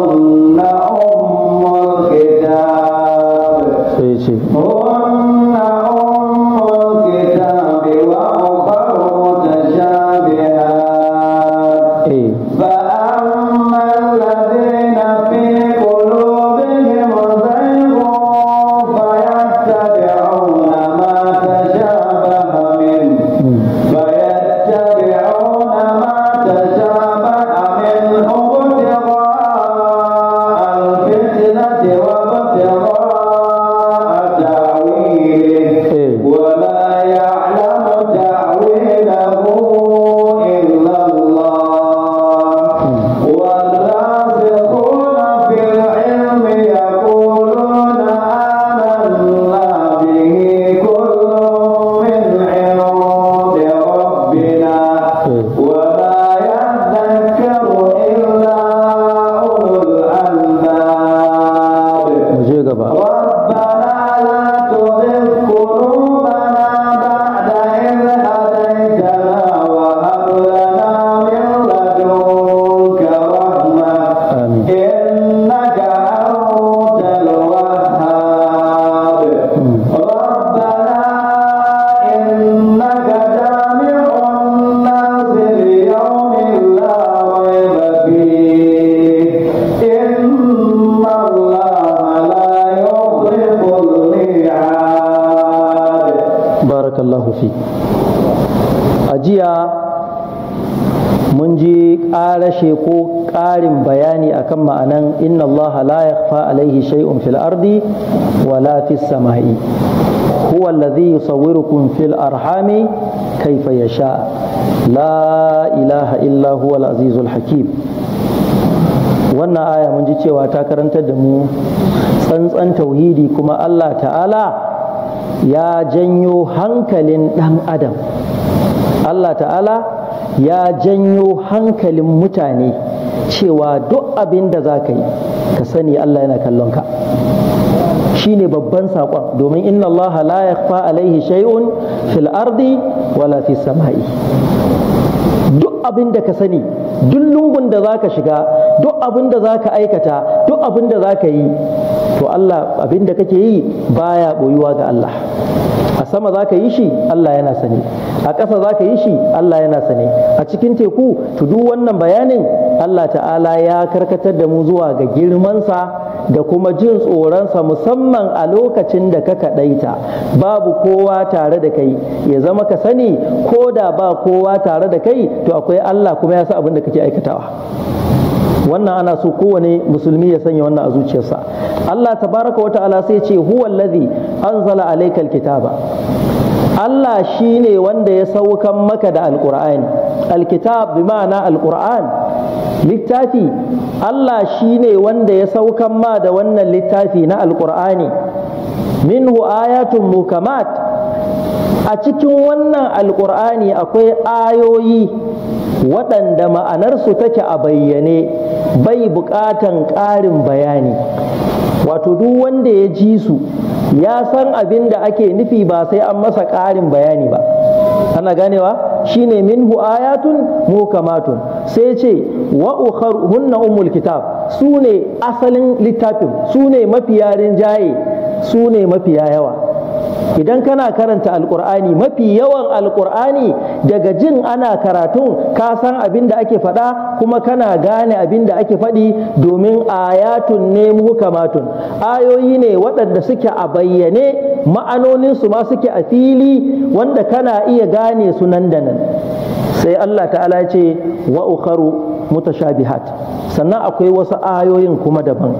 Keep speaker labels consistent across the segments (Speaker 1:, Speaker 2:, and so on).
Speaker 1: Paulo. a jiya mun ji ƙarashe ko ƙarin bayani akan ma'anan inna Allah la yakhfa alaihi shay'un fil ardi wa la fis sama'i huwa alladhi yusawwirukum fil arhami kaifa yasha la ilaha illa huwa al azizul hakim wannan aya mun ji cewa ta karantar da mu tsantsan tauhidi kuma Allah ta'ala ya janyo hankalin ɗan adam Allah ta'ala ya janyo hankalin mutane cewa duk abin da za ka yi ka sani Allah yana kallon ka shi ne babban saƙon domin inna Allah la yakfa alaihi shay'un fil ardi wala fi sama'i duk abin da ka sani duk lungun da za ka shiga duk abin da za ka aikata duk abin da za ka yi to Allah abin da kake yi baya boyuwa ga Allah a sama za ka yi shi Allah yana sani a ƙasa za ka yi shi Allah yana sani a cikin teku to duk wannan bayanin Allah ta'ala ya karkatar da mu zuwa ga girmansa da kuma jin tsoronsa musamman a lokacin da ka kaɗaita babu kowa tare da kai ya zama ka sani ko da ba kowa tare da kai to akwai Allah kuma ya sa abin da kake aikatawa wannan ana so kowane musulmi ya sanya wannan a zuciyarsa Allah tabaraka wata'ala sai ce huwa allazi anzala alaykal kitaba Allah shine wanda ya saukan maka da alqur'ani alkitab bi ma'ana alqur'an littafi Allah shine wanda ya saukan ma da wannan littafi na alqur'ani minhu ayatun mukamat a cikin wannan alqur'ani akwai ayoyi waɗanda ma'anarsu take a bayyane bai buƙatan ƙarin bayani wato duk wanda ya ji su ya san abin da ake nufi ba sai an masa ƙarin bayani ba ana ganewa shine minhu ayatun mukamatun sai ce wa ukhar hunna umul kitab su ne asalin littafin su ne mafiya rinjaye su ne mafiya yawa idan kana karanta alkur'ani mafi yawan alkur'ani daga jin ana karatun ka san abin da ake faɗa kuma kana gane abin da ake faɗi domin ayatun ne muhkamatun ayoyi ne waɗanda suke a bayyane ma'anoninsu ma suke a fili wanda kana iya gane su nan da nan sai Allah ta'ala ce wa ukharu mutashabihat sannan akwai wasu ayoyin kuma daban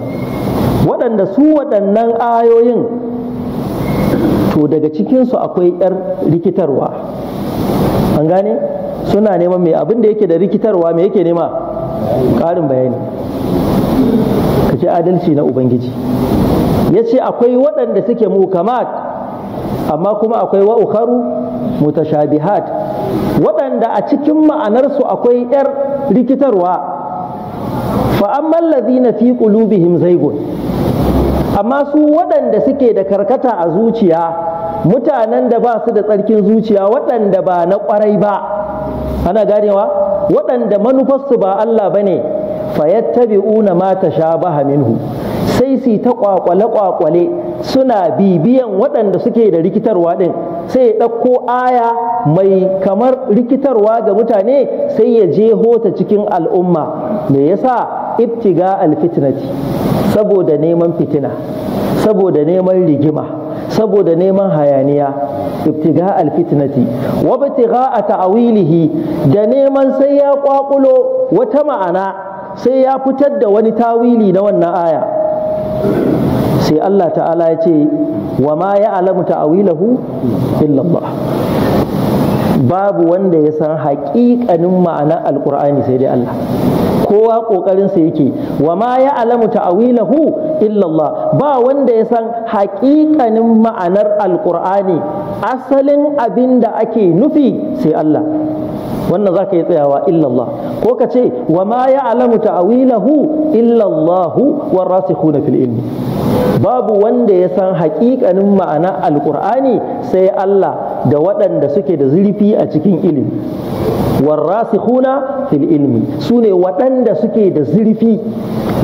Speaker 1: waɗanda su waɗannan ayoyin to daga cikinsu akwai 'yar likitarwa. an gane suna neman mai abin da yake da rikitarwa mai yake nema ƙarin bayani ka ce adalci na ubangiji ya ce akwai waɗanda suke mukamat amma kuma akwai wa'ukaru mutashabihat waɗanda a cikin ma'anarsu akwai 'yar rikitarwa fa'amman lazina fi qulubihim zaigun amma su waɗanda suke da karkata a zuciya mutanen da ba su da tsarkin zuciya waɗanda ba na ƙwarai ba ana ganewa waɗanda manufarsu ba Allah ba ne fayattabi'una sha tashabaha minhu sai su ta kwakwale kwakwale suna bibiyan waɗanda suke da rikitarwa ɗin sai ya ɗauko aya mai kamar rikitarwa ga mutane sai ya je hota cikin al'umma me yasa ibtiga alfitnati saboda neman fitina saboda neman rigima saboda neman hayaniya ibtiga alfitnati wa ibtiga a ta'awilihi da neman sai ya kwakulo wata ma'ana sai ya fitar da wani tawili na wannan aya sai Allah ta'ala ya ce wa ma ya alamu ta'awilahu illallah babu wanda ya san haƙiƙanin ma'anar alƙur'ani sai dai Allah kowa ƙoƙarinsa yake wa ma ya alamu ta'awilahu illallah ba wanda ya san haƙiƙanin ma'anar alƙur'ani asalin abin da ake nufi sai Allah wannan za ka yi tsayawa illallah ko ka ce wa ma ya alamu ta'awilahu illallahu na fil ilmi babu wanda ya san haƙiƙanin ma'anar alƙur'ani sai Allah da waɗanda suke da zurfi a cikin ilimi warrasikhuna fil ilmi su ne waɗanda suke da zurfi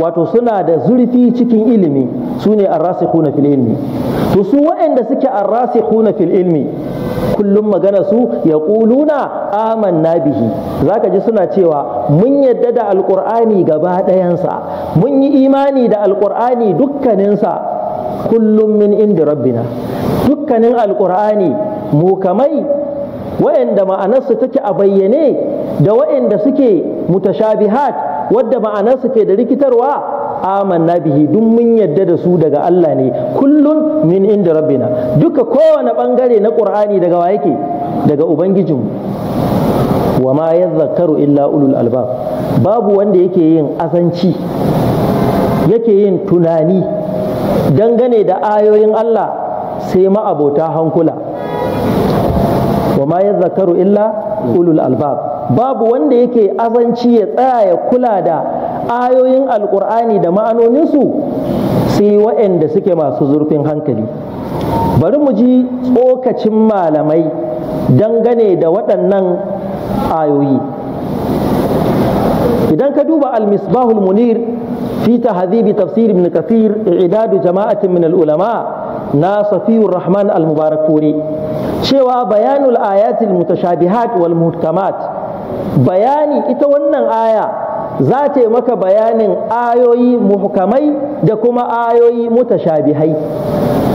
Speaker 1: wato suna da zurfi cikin ilimi su ne arrasikhuna fil ilmi to su waɗanda suke arrasikhuna fil ilmi kullum magana su ya ƙuluna amanna bihi zaka ji suna cewa mun yadda da alƙur'ani gaba ɗayansa mun yi imani da alƙur'ani dukkaninsa kullum min inda rabbina dukkanin alƙur'ani mukamai wa'anda ma'anarsu take a bayyane da wa'anda suke mutashabihat wadda ma'anarsu ke da rikitarwa amanna bihi duk mun yadda da su daga Allah ne kullun min inda rabbina duka kowane bangare na qur'ani daga wa yake daga Ubangijin. wa ma yadhakkaru illa ulul albab babu wanda yake yin azanci yake yin tunani dangane da ayoyin Allah sai ma abota hankula wa ya zakaru illa ulul albab babu wanda yake azanci ya tsaya ya kula da ayoyin alqur'ani da ma'anoninsu sai wa'anda suke masu zurfin hankali bari mu ji tsokacin malamai dangane da waɗannan ayoyi idan ka duba al-misbahul munir fi tahdhibi tafsir ibn kathir i'dadu jama'atin min al-ulama na safiyur rahman al-mubarakpuri cewa bayanul ayatil mutashabihat wal muhkamat bayani ita wannan aya za ta yi maka bayanin ayoyi muhkamai da kuma ayoyi mutashabihai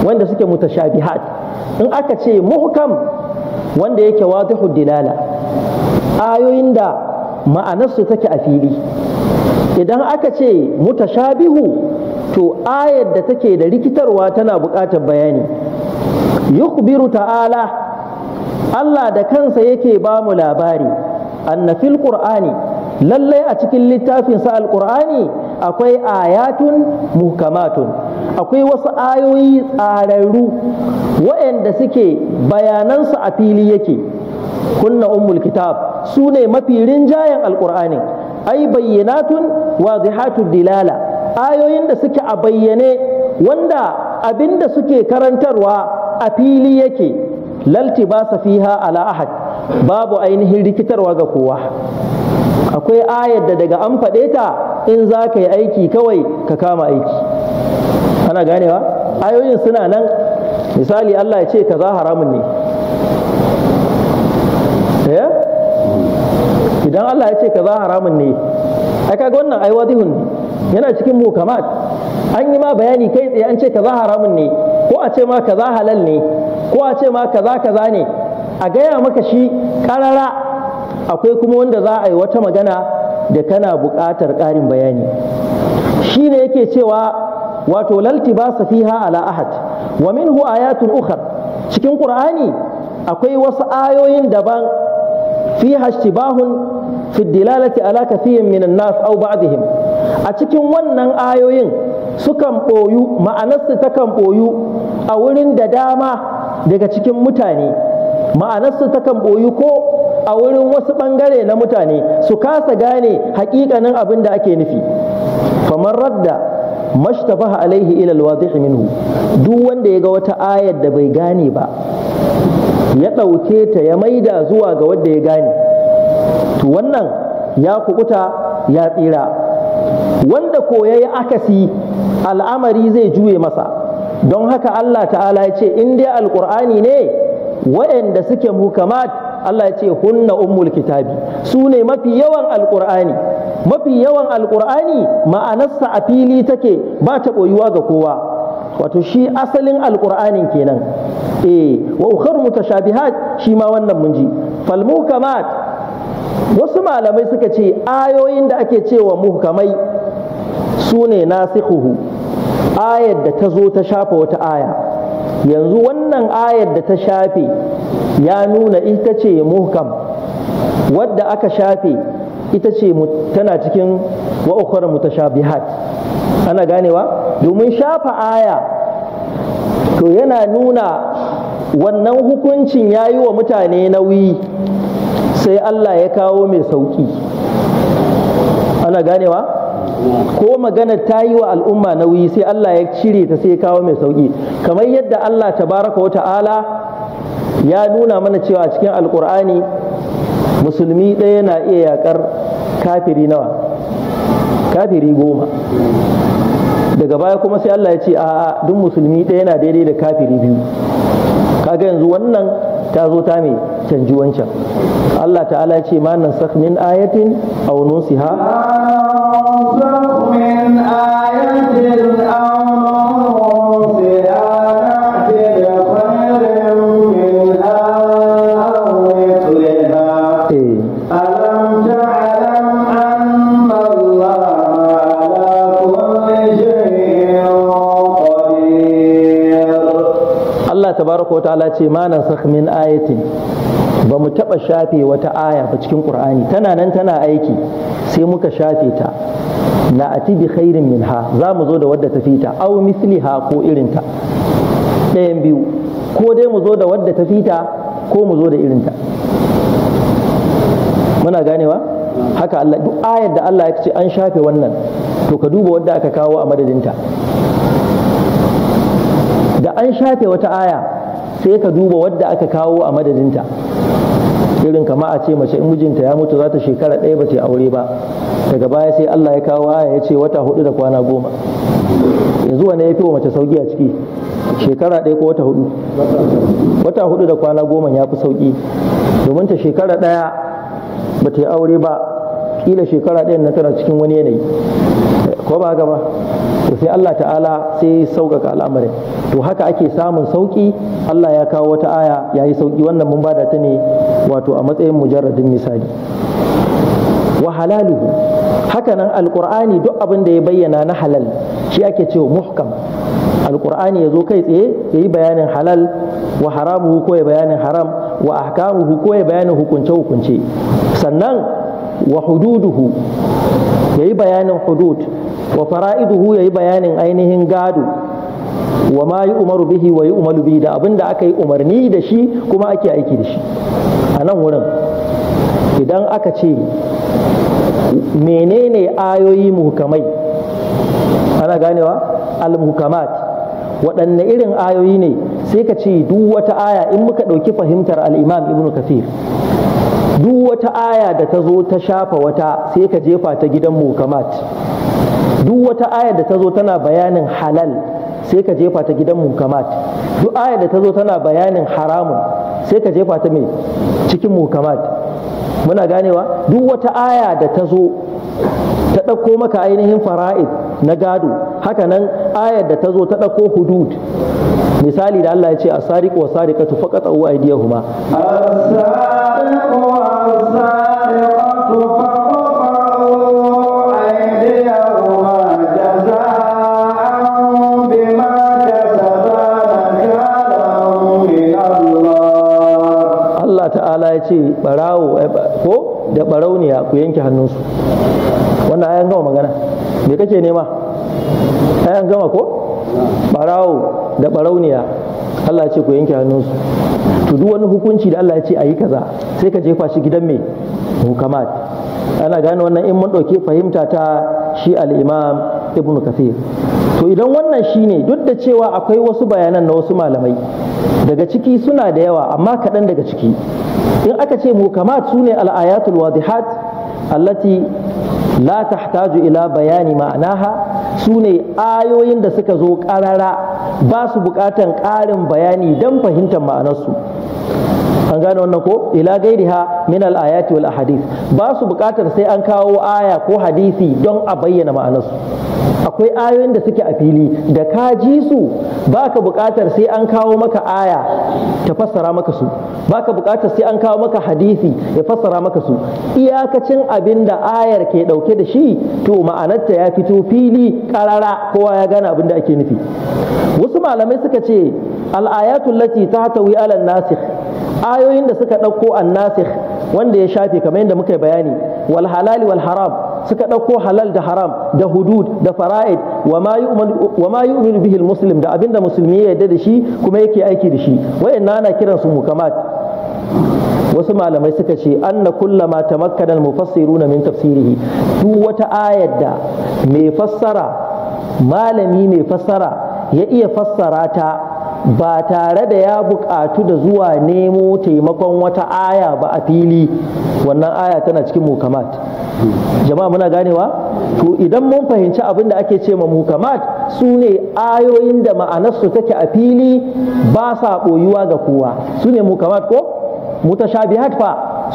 Speaker 1: wanda suke mutashabihat in aka ce muhkam wanda yake wadihu dilala ayoyin da ma'anarsu take a fili idan aka ce mutashabihu to ayar da take da rikitarwa tana buƙatar bayani yukhbiru ta'ala Allah da kansa yake ba mu labari anna fil qur'ani lallai a cikin littafinsa alqur'ani akwai ayatun muhkamatun akwai wasu ayoyi tsararru waɗanda suke bayanansu a fili yake kunna ummul kitab su ne mafi rinjayen alqur'anin ai bayyanatun wazihatun dilala ayoyin da suke a bayyane wanda abin da suke karantarwa a fili yake lalti ba sa fiha ala ahad babu ainihin rikitarwa ga kowa akwai ayar da daga an faɗe ta in za ka yi aiki kawai ka kama aiki ana ganewa ayoyin suna nan misali Allah ya ce kaza haramun ne eh? idan Allah ya ce kaza haramun ne a kaga wannan aiwadihun yana cikin mukamat an yi ma bayani kai tsaye an ce kaza haramun ne ko a ce ma kaza halal ne ko a ce ma kaza kaza ne a gaya maka shi karara akwai kuma wanda za a yi wata magana da kana buƙatar ƙarin bayani shi ne yake cewa wato lalti ba su fiha ala ahad wa minhu ayatun ukhar cikin qur'ani akwai wasu ayoyin daban fiha ishtibahun fi dilalati ala kathiyin minan nas aw ba'dihim a cikin wannan ayoyin sukan ɓoyu ma'anarsu takan ɓoyu a wurin da dama daga cikin mutane ma'anarsu takan boyu ko a wurin wasu ɓangare na mutane su kasa gane haƙiƙanin abin da ake nufi kamar radda mashtabaha alaihi ila alwadih minhu duk wanda ya ga wata ayar da bai gane ba ya ɗauke ta ya maida zuwa ga wanda ya gane to wannan ya kukuta ya tsira wanda ko ya akasi al'amari zai juye masa don haka Allah ta'ala ya ce in dai alƙur'ani ne waɗanda suke muhkamad Allah ya ce hunna ummul kitabi su ne mafi yawan alƙur'ani mafi yawan alƙur'ani ma'anarsa a fili take ba ta ɓoyuwa ga kowa wato shi asalin alƙur'anin kenan eh wa ukhar mutashabihat shi ma wannan mun ji fal mukamat wasu malamai suka ce ayoyin da ake cewa muhkamai sune ne nasikhuhu ayar da ta zo ta shafa wata aya yanzu wannan ayar da ta shafe ya nuna ita ce muhkam wadda aka shafe ita ce tana cikin wa ukhra mutashabihat ana ganewa domin shafa aya to yana nuna wannan hukuncin ya yi wa mutane nauyi sai Allah ya kawo mai sauƙi ana ganewa ko magana ta yi wa al'umma nauyi sai Allah ya cire ta sai ya kawo mai sauki kamar yadda Allah tabaraka wata'ala ya nuna mana cewa cikin alkur'ani musulmi ɗaya na iya yakar kafiri nawa kafiri goma daga baya kuma sai Allah ya ce a'a duk musulmi ɗaya na daidai da kafiri biyu kaga yanzu wannan ta zo ta mai canji wancan Allah ta'ala ya ce ma nan min ayatin aw siha. tabaraka wa ta'ala ce ma nasakh min ayatin ba mu taɓa shafe wata aya ba cikin ƙur'ani tana nan tana aiki sai muka shafe ta Na na'ati bi khairin ha za mu zo da wadda ta fita au misli ha ko irinta ɗayan biyu ko dai mu zo da wadda ta fita ko mu zo da irinta muna ganewa haka Allah duk ayar da Allah ya ce an shafe wannan to ka duba wadda aka kawo a madadinta da an shafe wata aya sai ka duba wadda aka kawo a madadinta irin kama a ce mace in mijinta ya mutu za ta shekara ɗaya ba ta aure ba daga baya sai Allah ya kawo aya ya ce wata hudu da kwana goma yanzu wane ya fi wa mace sauki a ciki shekara ɗaya ko wata hudu wata hudu da kwana goma ya fi sauki domin ta shekara ɗaya ba ta aure ba kila shekara ɗaya na tana cikin wani yanayi ko ba haka ba to sai Allah ta'ala sai sauƙaƙa al'amarin to haka ake samun sauƙi Allah ya kawo wata aya ya yi sauƙi wannan mun bada ta ne wato a matsayin mujarradin misali wa halaluhu hakanan alqur'ani duk abin da ya bayyana na halal shi ake cewa muhkam alqur'ani ya zo kai tsaye ya yi bayanin halal wa haramuhu ko ya bayanin haram wa ahkamuhu ko ya bayanin hukunce hukunce sannan wa hududuhu ya yi bayanin hudud wa fara'iduhu ya yi bayanin ainihin gado wa ma yi umaru bihi wa yi umaru bihi da abin da aka yi umarni da shi kuma ake aiki da shi a nan wurin idan aka ce menene ayoyi muhkamai ana ganewa al muhkamat waɗanne irin ayoyi ne sai ka ce duk wata aya in muka ɗauki fahimtar al-imam ibn kafir duk wata aya da ta zo ta shafa wata sai ka jefa ta gidan muhkamat duk wata aya da ta zo tana bayanin halal sai ka jefa ta gidan muhkamat duk aya da ta zo tana bayanin haramun sai ka jefa ta mai cikin mukamat muna ganewa duk wata aya da ta zo ta ɗauko maka ainihin fara'id na gado haka nan ayar da ta zo ta ɗauko hudud misali da Allah ya ce asariqu wasariqatu faqatu aydiyahuma asariqu wasariqatu ce barawo eh, ko da barauniya ku yanke hannunsu wannan ayan gama magana me kake nema ayan gama ko barawo da barauniya Allah ce ku yanke hannunsu to duk wani hukunci da Allah ya ce ayi kaza sai ka jefa shi gidan me hukamat ana gane wannan in mun ɗauki fahimta ta shi al-imam ibn kathir to idan wannan shine duk da cewa akwai wasu bayanan na wasu malamai daga ciki suna da yawa amma kaɗan daga ciki in aka ce mukamat sune al-ayatul wadihat allati la tahtaju ila bayani ma'anaha sune ayoyin da suka zo ƙarara ba su buƙatan ƙarin bayani don fahimtar ma'anarsu an gane wannan ko ila gairiha min al ayati wal ahadith ba su buƙatar sai an kawo aya ko hadisi don a bayyana ma'anarsu akwai ayoyin da suke a fili da ka ji su baka buƙatar sai an kawo maka aya ta fassara maka su baka buƙatar sai an kawo maka hadisi ya fassara maka su iyakacin abin da ayar ke ɗauke da shi to ma'anarta ya fito fili ƙarara kowa ya gane abin da ake nufi wasu malamai suka ce al'ayatul lati ta hatawi alal nasikh ayoyin da suka ɗauko annasikh wanda ya shafe kamar yadda muka yi bayani wal halali wal haram suka ɗauko halal da haram da hudud da fara'id wa ma yu'minu bihi muslim da abinda musulmi ya yarda da shi kuma yake aiki da shi wayannan ana kiran su mukamat wasu malamai suka ce anna kullama tamakkana al-mufassiruna min tafsirihi duk wata ayar da mai fassara malami mai fassara ya iya fassara ta ba tare da ya buƙatu da zuwa nemo taimakon wata aya ba a fili wannan aya tana cikin mukamat jama'a muna ganewa to idan mun fahimci abin da ake ce ma mukamat su ne ayoyin da ma'anarsu take a fili ba sa ɓoyuwa ga kowa su ne mukamat ko mutashabihat fa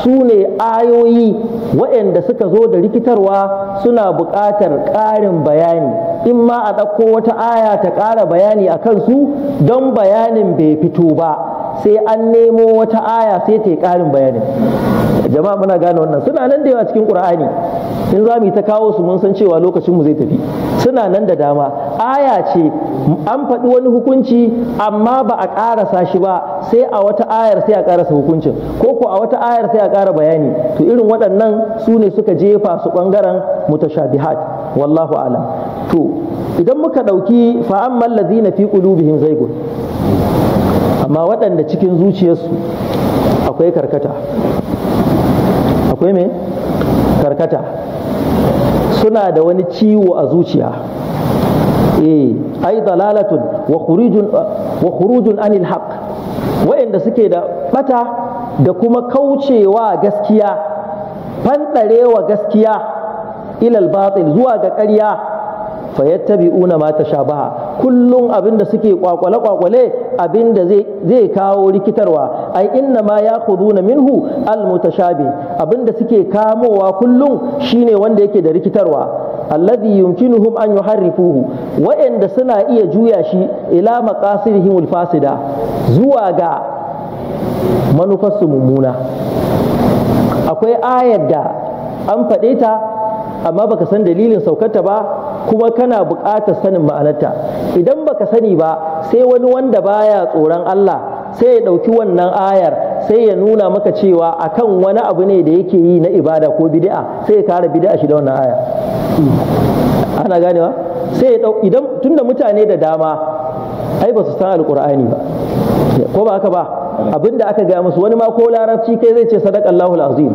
Speaker 1: su ne ayoyi waɗanda suka zo da rikitarwa suna buƙatar ƙarin bayani in ma a ɗauko wata aya ta ƙara bayani a kansu don bayanin bai fito ba sai an nemo wata aya sai ta yi ƙarin bayanin jama'a muna gane wannan suna nan da yawa cikin qur'ani in za mu ta kawo su mun san cewa lokacin mu zai tafi suna nan da dama aya ce an faɗi wani hukunci amma ba a ƙarasa shi ba sai a wata ayar sai a ƙarasa hukuncin ko ko a wata ayar sai a ƙara bayani to irin waɗannan su ne suka jefa su ɓangaren mutashabihat wallahu alam to idan muka ɗauki fa'amman ladina fi qulubihim zaygun amma waɗanda cikin zuciyarsu akwai karkata akwai mai karkata suna da wani ciwo a zuciya eh ai dalalatun wa khurujun wa khurujun anil haqq suke da bata da kuma kaucewa gaskiya fanɗarewa gaskiya ilal batil zuwa ga ƙarya fayattabi'una mata shabaha. kullum abin da suke kwakwale-kwakwale abin da zai kawo rikitarwa ai inna ma ya khuduna minhu almutashabi abin da suke kamowa kullum shine wanda yake da rikitarwa alladhi yumkinuhum an yuharrifuhu wa'anda suna iya juya shi ila maqasidihim fasida zuwa ga manufarsu mummuna akwai ayar da an faɗe ta amma baka san dalilin saukarta ba kuma kana buƙatar sanin ma'anarta idan baka sani ba sai wani wanda baya tsoron Allah sai ya ɗauki wannan ayar sai ya nuna maka cewa akan wani abu ne da yake yi na ibada ko bid'a sai ya kara bid'a shi da wannan aya ana ganewa sai ya idan tunda mutane da dama ai ba su san alqur'ani ba ko ba haka ba abinda aka gaya musu wani ma ko larabci kai zai ce sadaqallahu alazim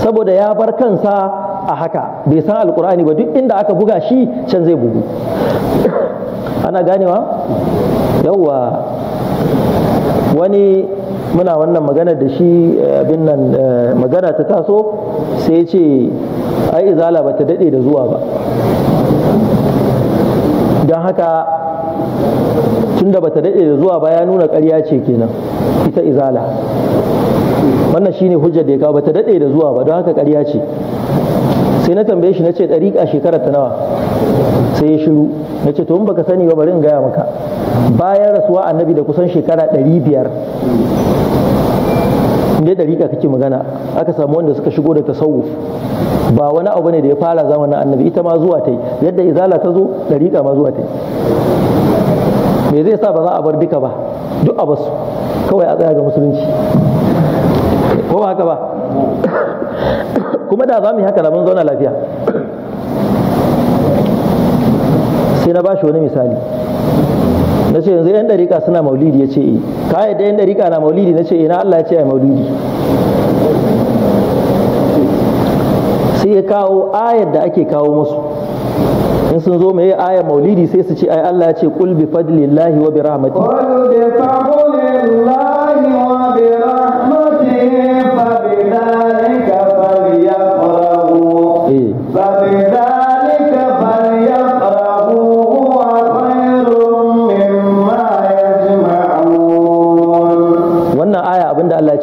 Speaker 1: saboda ya bar kansa a haka bai san alkur'ani ba duk inda aka buga shi can zai bugu ana ganewa yauwa wani muna wannan magana da shi eh, abin nan eh, magana ta taso sai ce ai izala ba ta daɗe da zuwa ba don haka tunda ba ta daɗe da zuwa ba ya nuna ƙarya ce kenan ita izala wannan shine hujjar da ya kawo ba ta daɗe da zuwa ba don haka ƙarya ce sai na tambaye shi na ce ɗariƙa shekarar ta nawa sai ya shiru na ce to in baka sani ba bari in gaya maka bayan rasuwa annabi da kusan shekara ɗari biyar inda ɗariƙa kake magana aka samu wanda suka shigo da tasawuf ba wani abu ne da ya fara zamanin annabi ita ma zuwa ta yadda izala ta zo ɗariƙa ma zuwa ta me zai sa ba za a bar duka ba duk a kawai a tsaya ga musulunci ko ba haka ba kuma da za mu yi haka da mun zauna lafiya sai na ba shi wani misali na ce yanzu 'yan dariƙa suna maulidi ya ce e ka yadda 'yan dariƙa na maulidi na ce ina eh, Allah ya ce a maulidi sai ya kawo ayar da ake kawo musu in sun zo mai ayar maulidi sai su ce ai Allah ya ce kul bi fadlillahi wa bi rahmatihi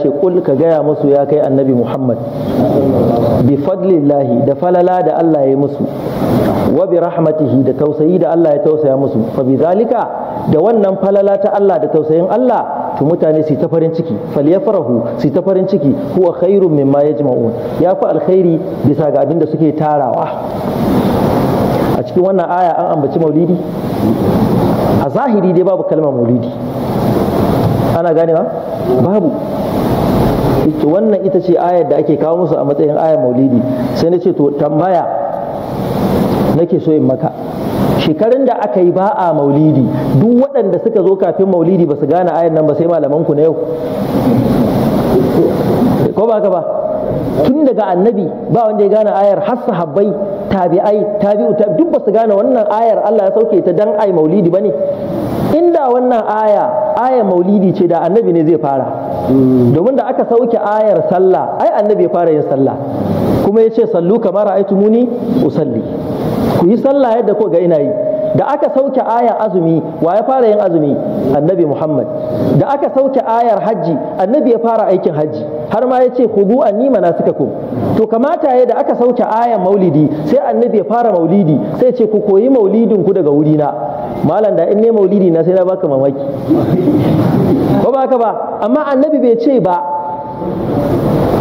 Speaker 1: ce kul ka gaya musu ya kai annabi Muhammad bi fadlillahi da falala da Allah ya musu wa bi rahmatihi da tausayi da Allah ya tausaya musu fa bi zalika da wannan falala ta Allah da tausayin Allah to mutane su ta farin ciki farahu su ta farin ciki huwa khairun mimma yajma'un ya fi alkhairi bisa ga abin da suke tarawa a cikin wannan aya an ambaci maulidi a zahiri dai babu kalmar maulidi ana gane ba babu ita wannan ita ce ayar da ake kawo musu a matsayin ayar maulidi sai na ce to tambaya nake so in maka shekarun da aka yi ba a maulidi duk waɗanda suka zo kafin maulidi ba su gane ayar nan ba sai malamanku na yau ko ba ka ba tun daga annabi ba wanda ya gane ayar har sahabbai tabi'ai tabi'u duk ba su gane wannan ayar Allah ya sauke ta dan ai maulidi bane inda wannan aya aya maulidi ce da annabi ne zai fara domin da aka sauke ayar sallah ai annabi ya fara yin sallah kuma ya ce sallu kamar ra'aytumuni usalli ku yi sallah yadda ko ga ina yi da aka sauke ayar azumi wa ya fara yin azumi annabi muhammad da aka sauke ayar hajji annabi ya fara aikin hajji har ma ya ce hudu anni manasikakum to kamata ya da aka sauke ayar maulidi sai annabi ya fara maulidi sai ce ku koyi maulidin ku daga wurina malam da in ne maulidi na sai na baka mamaki ko ba haka ba amma annabi bai ce ba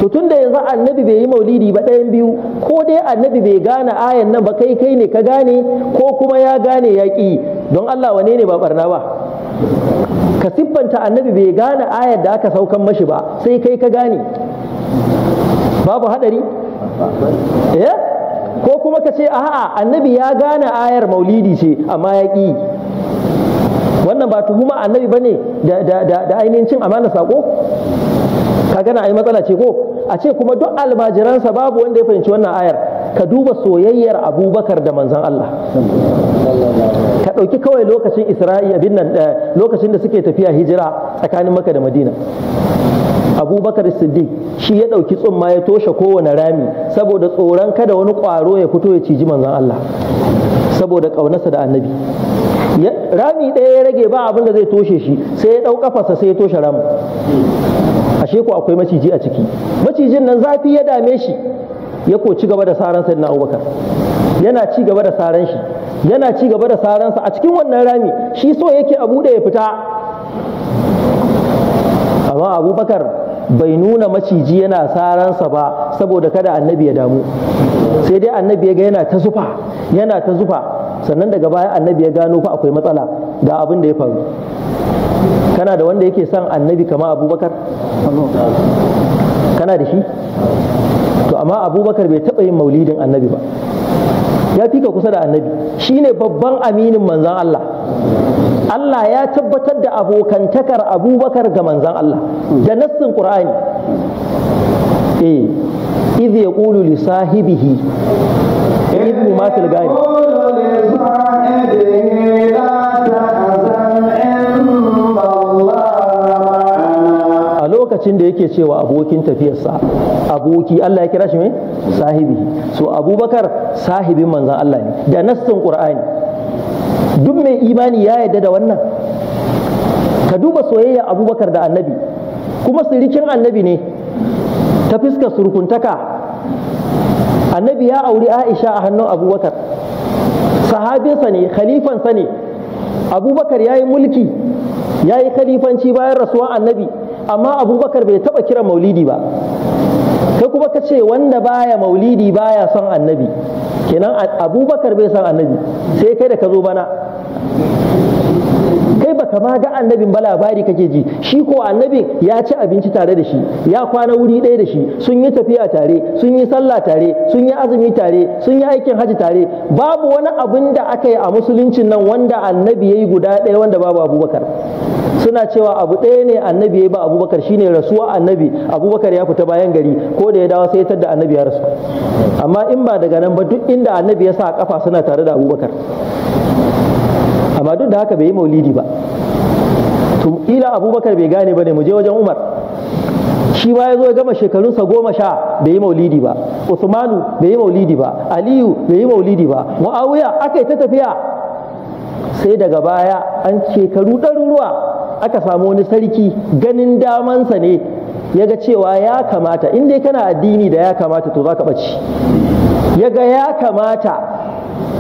Speaker 1: to tun da yanzu annabi bai yi maulidi ba ɗayan biyu ko dai annabi bai gane ayan nan ba kai kai ne ka gane ko kuma ya gane ya ƙi don Allah wane ne ba barna ba ka siffanta annabi bai gane ayar da aka saukan mashi ba sai kai ka gane babu haɗari eh ko kuma ka ce a'a annabi ya gane ayar maulidi ce amma ya ƙi wannan ba tuhuma annabi ba ne da ainihin cin amana sako ka gana ai matsala ce ko a ce kuma duk almajiransa babu wanda ya fahimci wannan ayar ka duba soyayyar abubakar da manzan Allah ka ɗauki kawai lokacin isra'i abin nan eh, lokacin da suke tafiya hijira tsakanin maka da madina abubakar siddiq shi ya ɗauki tsumma ya toshe kowane rami saboda tsoron kada wani ƙwaro ya fito ya ciji manzon Allah saboda ƙaunarsa da annabi rami ɗaya ya rage ba abin da zai toshe shi sai ya ɗau ƙafarsa sai ya toshe rami. ashe ko akwai maciji a ciki macijin nan zafi ya dame shi ya ko ci gaba da saran sayyidina abubakar yana ci gaba da saran shi yana ci gaba da saransa a cikin wannan rami shi so yake a buɗe ya fita amma abubakar bai nuna maciji yana saransa ba saboda kada annabi ya damu sai dai annabi ya ga yana ta zufa yana ta zufa sannan daga baya annabi ya gano fa akwai matsala ga abin da ya faru kana da wanda yake son annabi kama abubakar kana da shi to amma abubakar bai taɓa yin maulidin annabi ba ya fika kusa da annabi shine babban aminin manzan Allah Allah ya tabbatar da abokantakar abubakar ga manzan Allah da nassin ƙur'ani eh idh yaqulu li sahibihi idh ma tilgani a lokacin da yake cewa abokin tafiyarsa aboki Allah ya kira shi mai sahibi so abubakar sahibin manzan Allah ne da nassin ƙur'ani duk mai imani ya yarda da wannan ka duba soyayya abubakar da annabi kuma sirikin annabi ne ta fuskar surkuntaka annabi ya auri aisha a hannun abubakar sahabinsa ne khalifansa ne abubakar ya yi mulki ya yi khalifanci bayan rasuwan annabi amma abubakar bai taɓa kiran maulidi ba kai kuma ka ce wanda baya maulidi baya son annabi kenan abubakar bai san annabi sai kai da ka zo bana kai baka ma ga annabin ba labari kake ji shi ko annabi ya ci abinci tare da shi ya kwana wuri ɗaya da shi sun yi tafiya tare sun yi sallah tare sun yi azumi tare sun yi aikin haji tare babu wani abin da aka yi a musuluncin nan wanda annabi ya yi guda ɗaya wanda babu abubakar suna cewa abu ɗaya ne annabi ya ba abubakar shine rasuwa annabi abubakar ya fita bayan gari ko da ya dawo sai ya tadda annabi ya rasu amma in ba daga nan ba duk inda annabi ya sa kafa suna tare da abubakar amma duk da haka bai yi maulidi ba to ila abubakar bai gane ba ne mu je wajen umar shi ma ya zo ya gama shekarunsa goma sha bai yi maulidi ba usmanu bai yi maulidi ba aliyu bai yi maulidi ba muawiya aka yi ta tafiya sai daga baya an shekaru ɗaruruwa aka samu wani sarki ganin damansa ne ya ga cewa ya kamata in dai kana addini da ya kamata to za ka ɓaci ya ga ya kamata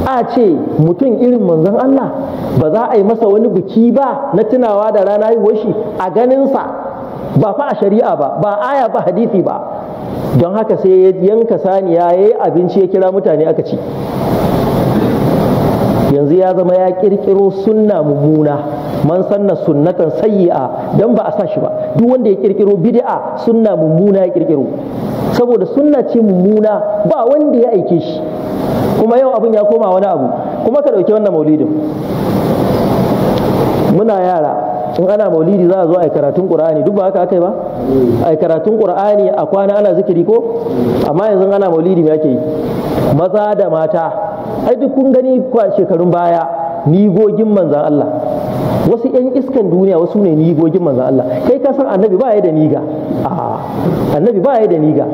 Speaker 1: a ce mutum irin manzon Allah ba za a yi masa wani biki ba na tunawa da rana haihuwar shi a ganinsa ba fa a shari'a ba ba aya ba hadisi ba don haka sai ya yanka saniya ya yi abinci ya kira mutane aka ci yanzu ya zama ya kirkiro sunna mummuna man sanna sunnatan sayyi'a dan ba a sa shi ba duk wanda ya kirkiro bid'a sunna mummuna ya kirkiro saboda sunna ce mummuna ba wanda ya aike shi kuma yau abin ya koma wani abu kuma ka dauki wannan maulidin muna yara in ana maulidi za a zo a karatun qur'ani duk ba haka aka yi ba a karatun qur'ani a kwana ana zikiri ko amma yanzu ana maulidi me ake yi maza da mata ai duk kun gani shekarun baya nigogin manzan Allah wasu 'yan iskan duniya wasu ne nigogin manzan Allah kai ka san annabi ba ya da niga a annabi ba ya da niga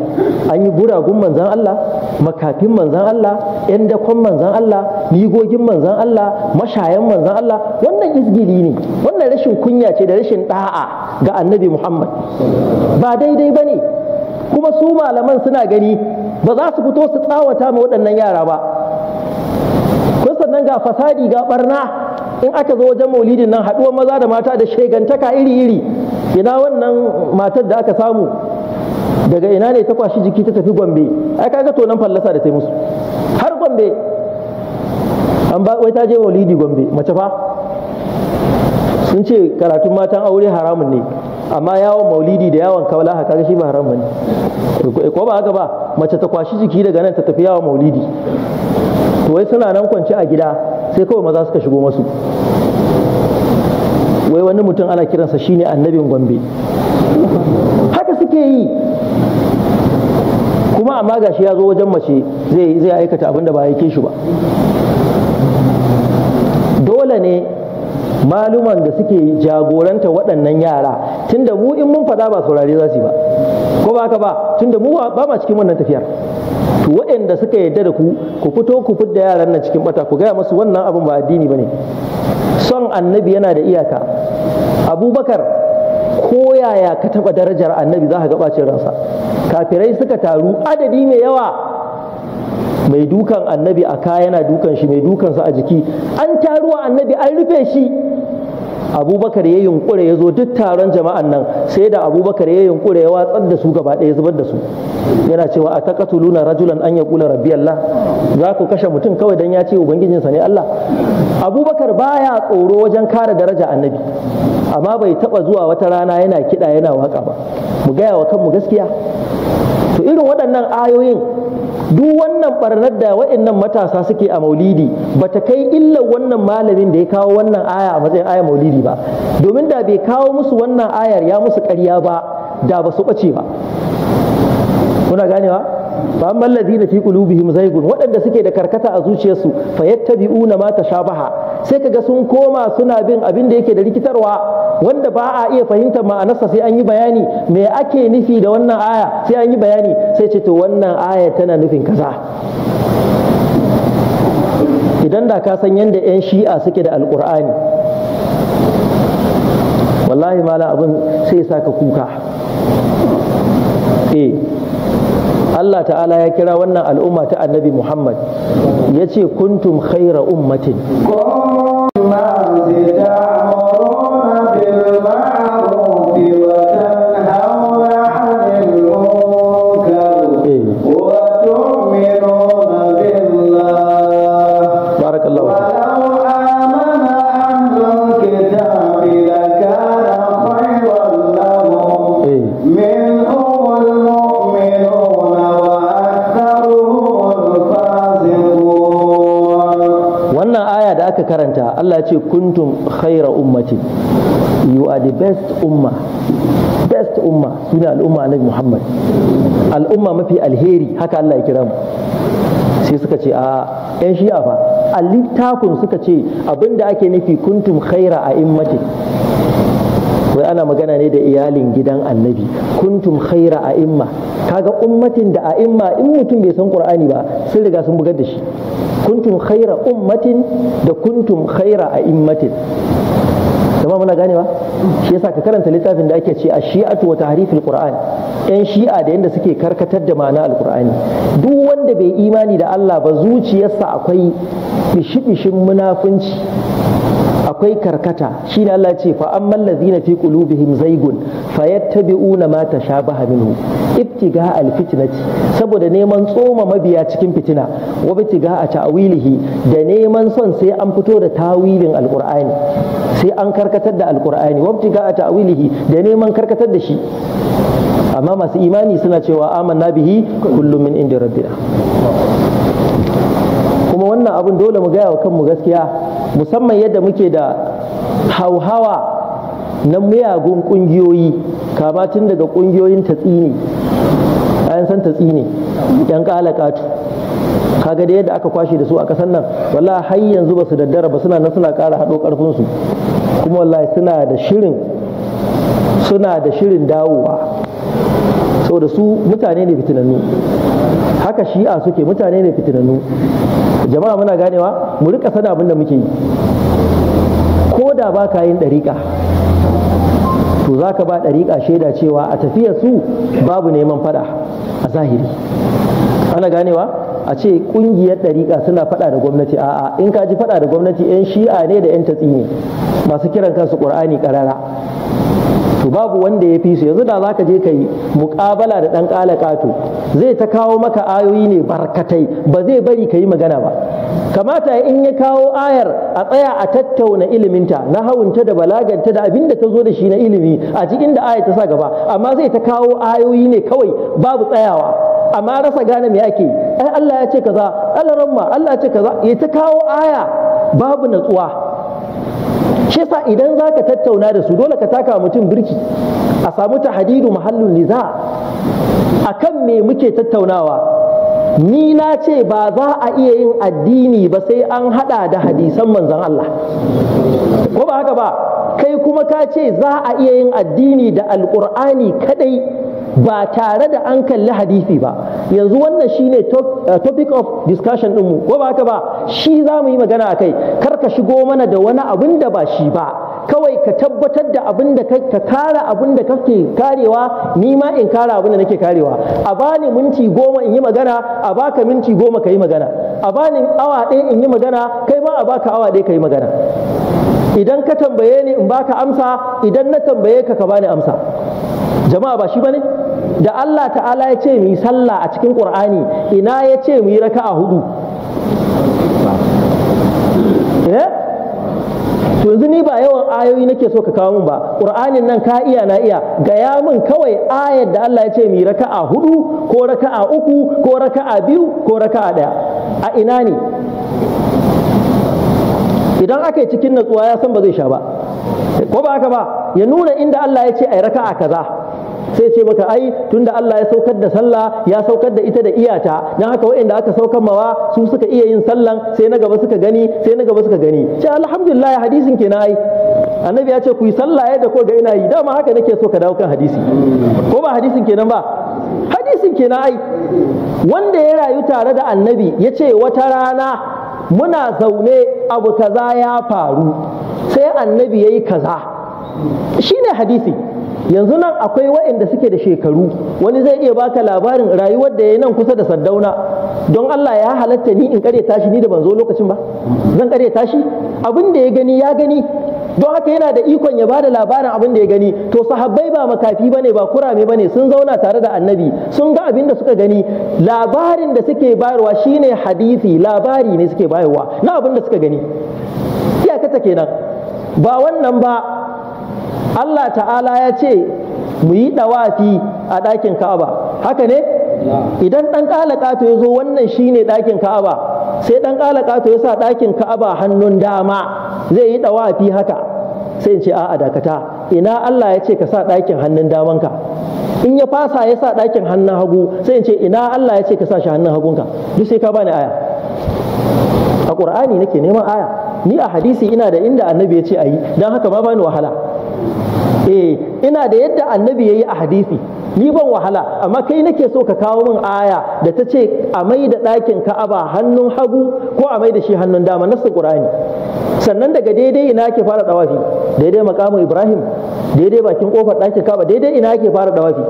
Speaker 1: an yi guragun manzan Allah makafin manzan Allah 'yan dakon manzan Allah nigogin manzan Allah mashayan manzan Allah wannan izgili ne wannan rashin kunya ce da rashin ɗa'a ga annabi Muhammad ba daidai ba ne kuma su malaman suna gani ba za su fito su tsawata ma waɗannan yara ba sannan ga fasadi ga barna in aka zo wajen maulidin nan haɗuwar maza da mata da shegantaka iri-iri ina wannan matar da aka samu daga ina ne ta kwashi jiki ta tafi gombe ai kaga to nan fallasa da ta musu har gombe an ba wai ta je maulidi gombe mace fa sun ce karatun matan aure haramun ne amma yawon maulidi da yawon kawala haka shi ba haramun ne ko ba haka ba mace ta kwashi jiki daga nan ta tafi yawon maulidi su wai suna nan kwance a gida sai kawai maza suka shigo masu wai wani mutum ana kiransa ne annabin gombe haka suke yi kuma amma gashi ya zo wajen mace zai aikata abin da ba ya shi ba dole ne maluman da suke jagoranta waɗannan yara tunda mu in mun faɗa ba saurare za su yi ba ko ba ka ba tunda mu ba ma cikin wannan tafiyar to waɗanda suka yarda da ku ku fito ku fidda yaran nan cikin bata ku gaya musu wannan abin ba addini bane son annabi yana da iyaka abubakar ko yaya ka taɓa darajar annabi za ka ga ɓacin ransa kafirai suka taru adadi mai yawa mai dukan annabi a kaya yana dukan shi mai dukansa a jiki an taruwa annabi an rufe shi abubakar ya yunkure ya zo duk taron jama'an nan sai da abubakar ya yunkure ya watsar da su gaba ɗaya zubar da su yana cewa a taqatuluna rajulan an yaqula rabbi allah za ku kashe mutum kawai dan ya ce ubangijinsa ne allah abubakar baya tsoro wajen kare daraja annabi amma bai taɓa zuwa wata rana yana kiɗa yana waka ba mu gaya wa kanmu gaskiya to irin waɗannan ayoyin duk wannan barnar da waɗannan matasa suke a maulidi ba ta kai illar wannan malamin da ya kawo wannan aya a matsayin aya maulidi ba domin da bai kawo musu wannan ayar ya musu ƙarya ba da ba su ɓace ba kuna ganewa fa amman ladina fi qulubihim zaygun waɗanda suke da karkata a zuciyarsu fa yattabi'una ma tashabaha sai kaga sun koma suna bin abin da yake da rikitarwa wanda ba a iya fahimtar ma'anarsa sai an yi bayani me ake nufi da wannan aya sai an yi bayani sai ce to wannan aya tana nufin kaza idan da ka san yadda 'yan shi'a suke da alkur'ani wallahi malam abin sai sa ka kuka eh Allah ta'ala ya kira wannan al'umma ta annabi Muhammad ya ce kuntum khaira ummatin Allah ce kuntum khaira ummatin you are the best umma best umma suna al'umma na Muhammad al'umma mafi alheri haka Allah ya kira mu sai suka ce a yan shi'a fa a suka ce abinda ake nufi kuntum khaira a immati wai ana magana ne da iyalin gidan annabi kuntum khaira a imma kaga ummatin da a imma in mutum bai san qur'ani ba sun riga sun bugar da shi kuntum khaira ummatin da kuntum khaira a immatin zama muna ganewa shi yasa ka karanta littafin da ake ce a shi'atu wa tahrifil qur'an yan shi'a da yanda suke karkatar da ma'ana alqur'ani duk wanda bai imani da Allah ba zuciyarsa akwai bishibishin munafunci akwai karkata shine Allah ce fa ammal ladzina fi qulubihim zaygun fayattabi'una ma tashabaha minhu ibtiga alfitnati saboda neman tsoma mabiya cikin fitina wa ibtiga a ta'wilihi da neman son sai an fito da tawilin alqur'ani sai an karkatar da alqur'ani wa ibtiga a ta'wilihi da neman karkatar da shi amma masu imani suna cewa amanna bihi kullum min inda rabbina kuma wannan abin dole mu gaya wa kanmu gaskiya musamman yadda muke da hauhawa na miyagun ƙungiyoyi kama tun daga ƙungiyoyin tatsini an san tatsini yan kalakatu kaga da yadda aka kwashe da su a ƙasar nan wala har yanzu ba su daddara ba suna nan suna hado haɗo ƙarfinsu kuma wallahi suna da shirin suna da shirin dawowa saboda su mutane ne fitinannu haka shi'a suke mutane ne fitinannu jama'a muna ganewa mu rika sana abin da muke yi ko da ba ka yin ɗariƙa to za ka ba ɗariƙa shaida cewa a tafiya su babu neman faɗa a zahiri ana ganewa a ce ƙungiyar ɗariƙa suna faɗa da gwamnati a'a in ka ji faɗa da gwamnati 'yan shi'a ne da 'yan tatsi ne masu kiran kansu ƙur'ani ƙarara to babu wanda ya fi su yanzu da za ka je ka yi muƙabala da ɗan ƙala ƙato zai ta kawo maka ayoyi ne barkatai ba zai bari ka yi magana ba kamata in ya kawo ayar a tsaya a tattauna iliminta na hawunta da balaganta da abinda ta zo da shi na ilimi a cikin da ayar ta sa gaba amma zai ta kawo ayoyi ne kawai babu tsayawa amma rasa gane me ake ai Allah ya ce kaza Allah ramma Allah ya ce kaza ya ta kawo aya babu natsuwa shi yasa idan zaka tattauna da su dole ka taka mutum birki a samu tahdidu mahallun niza akan me muke tattaunawa ni na ce ba za a iya yin addini ba sai an hada da hadisan manzan Allah ko ba haka ba kai kuma ka ce za a iya yin addini da alkur'ani kadai ba tare da an kalli hadisi ba yanzu wannan shine eh, topic of discussion ɗinmu ko ba haka ba shi za mu yi magana a kai kar ka shigo mana da wani abin da ba shi ba kawai ka tabbatar da abin da ka kara abin da kake karewa ni ma in kara abin da nake karewa a bani minti goma in yi magana a baka minti goma ka yi magana a bani awa ɗaya in yi magana kai ma a baka awa ɗaya ka yi magana idan ka tambaye ni in baka amsa idan na tambaye ka ka bani amsa jama'a ba shi bane da Allah ta'ala ya ce mu yi sallah a cikin Qur'ani ina ya ce mu yi raka'a hudu to yanzu ni ba yawan ayoyi nake so ka kawo min ba qur'anin nan ka iya na iya gaya min kawai ayar da Allah ya ce mi raka'a hudu ko raka'a uku ko raka'a biyu ko raka'a daya a ina ne idan aka cikin natsuwa ya san ba zai sha ba ko ba haka ba ya nuna inda Allah ya ce ai raka'a kaza sai ce maka ai tunda Allah ya saukar da sallah ya saukar da ita da iyata dan haka waɗanda aka saukar mawa su suka iya yin sallan sai na gaba suka gani sai na gaba suka gani ce alhamdulillah hadisin kenan ai annabi ya ce ku yi sallah yadda ko ga ina yi dama haka nake so ka dawo kan hadisi ko ba hadisin kenan ba hadisin kenan ai wanda ya rayu tare da annabi ya ce wata rana muna zaune abu kaza ya faru sai annabi ya yi kaza shine hadisi yanzu nan akwai wa'inda suke da shekaru wani zai iya baka labarin rayuwar da ya nan kusa da saddauna don Allah ya halatta ni in kare tashi ni da ban zo lokacin ba zan kare tashi abin da ya gani ya gani don haka yana da ikon ya bada labarin abin da ya gani to sahabbai ba makafi bane ba kurame bane sun zauna tare da annabi sun ga abin da suka gani labarin da suke bayarwa shine hadisi labari ne suke bayarwa na abin da suka gani iyakata kenan ba wannan ba Allah ta'ala ya ce mu yi ɗawafi a ɗakin ka'aba haka ne idan ɗan ƙalaƙato ya zo wannan shine ɗakin ka'aba sai ɗan ƙalaƙato ya sa ɗakin ka'aba hannun dama zai yi dawafi haka sai in ce a'a dakata ina Allah ya ce ka sa ɗakin hannun damanka in ya fasa ya sa ɗakin hannun hagu sai in ce ina Allah ya ce ka sa shi hannun hagunka duk sai ka bani aya a ƙur'ani nake neman aya ni a hadisi ina da inda annabi ya ce a yi don haka ma bani wahala eh ina da yadda annabi ya yi a hadisi ni ban wahala amma kai nake so ka kawo min aya da ta ce a mai da ɗakin ka'aba hannun hagu ko a mai da shi hannun dama nasu qur'ani sannan daga daidai ina ke fara dawafi daidai makamu ibrahim daidai bakin kofar ɗakin ka'aba daidai ina ke fara dawafi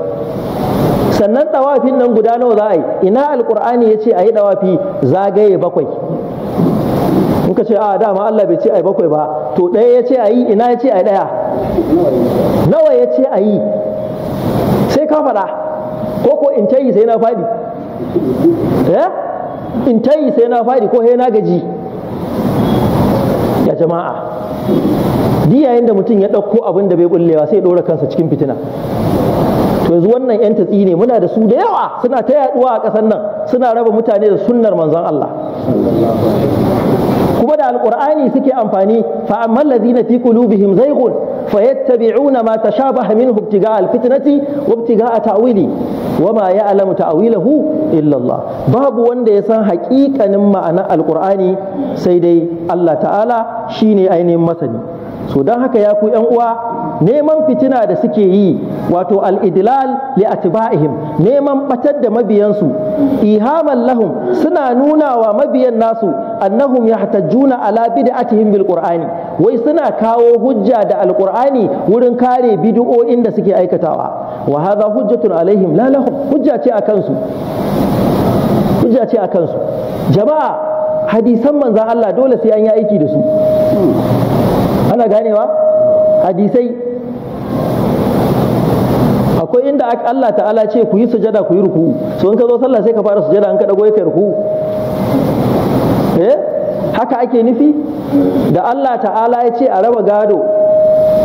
Speaker 1: sannan dawafin nan guda nawa za a yi ina alqur'ani ya ce a yi dawafi zagaye bakwai in ka ce a ah, dama Allah bai ce a yi bakwai ba to ɗaya ya ce a yi ina ya ce a yi ɗaya nawa ya ce a yi sai ka faɗa ko ko in tayi sai na faɗi eh? in tayi sai na faɗi ko sai na gaji ya jama'a yayin da mutum ya ɗauko abin da bai bullewa sai ɗora kansa cikin fitina to yanzu wannan yan tatsi ne muna da su da yawa suna ta yaduwa a ƙasar nan suna raba mutane da sunnar manzon Allah kuma da alqur'ani suke amfani fa amman ladina fi qulubihim zayghun fayattabi'una ma تشابه منه ابتغاء الفتنة وابتغاء تأويله ta'wili يعلم تأويله إلا الله باب وند babu wanda ya san القرآن ma'anar الله sai dai Allah ta'ala shine ainihin masani so don haka ya ku yan uwa neman fitina da suke yi wato al-idlal li atba'ihim neman ɓatar da mabiyansu ihaman lahum suna nuna wa mabiyan nasu annahum yahtajjuna ala bid'atihim bil qur'ani wai suna kawo hujja da alqur'ani wurin kare bid'o'in da suke aikatawa wa hadha hujjatun alaihim la lahum hujja ce akan su hujja ce akan su jama'a hadisan manzon Allah dole sai an yi aiki da su ana ganewa hadisai akwai inda Allah ta'ala ce ku yi sujada ku yi ruku so in ka zo sallah sai ka fara sujada an ka dago kai ruku eh haka ake nufi da Allah ta'ala ya ce a raba gado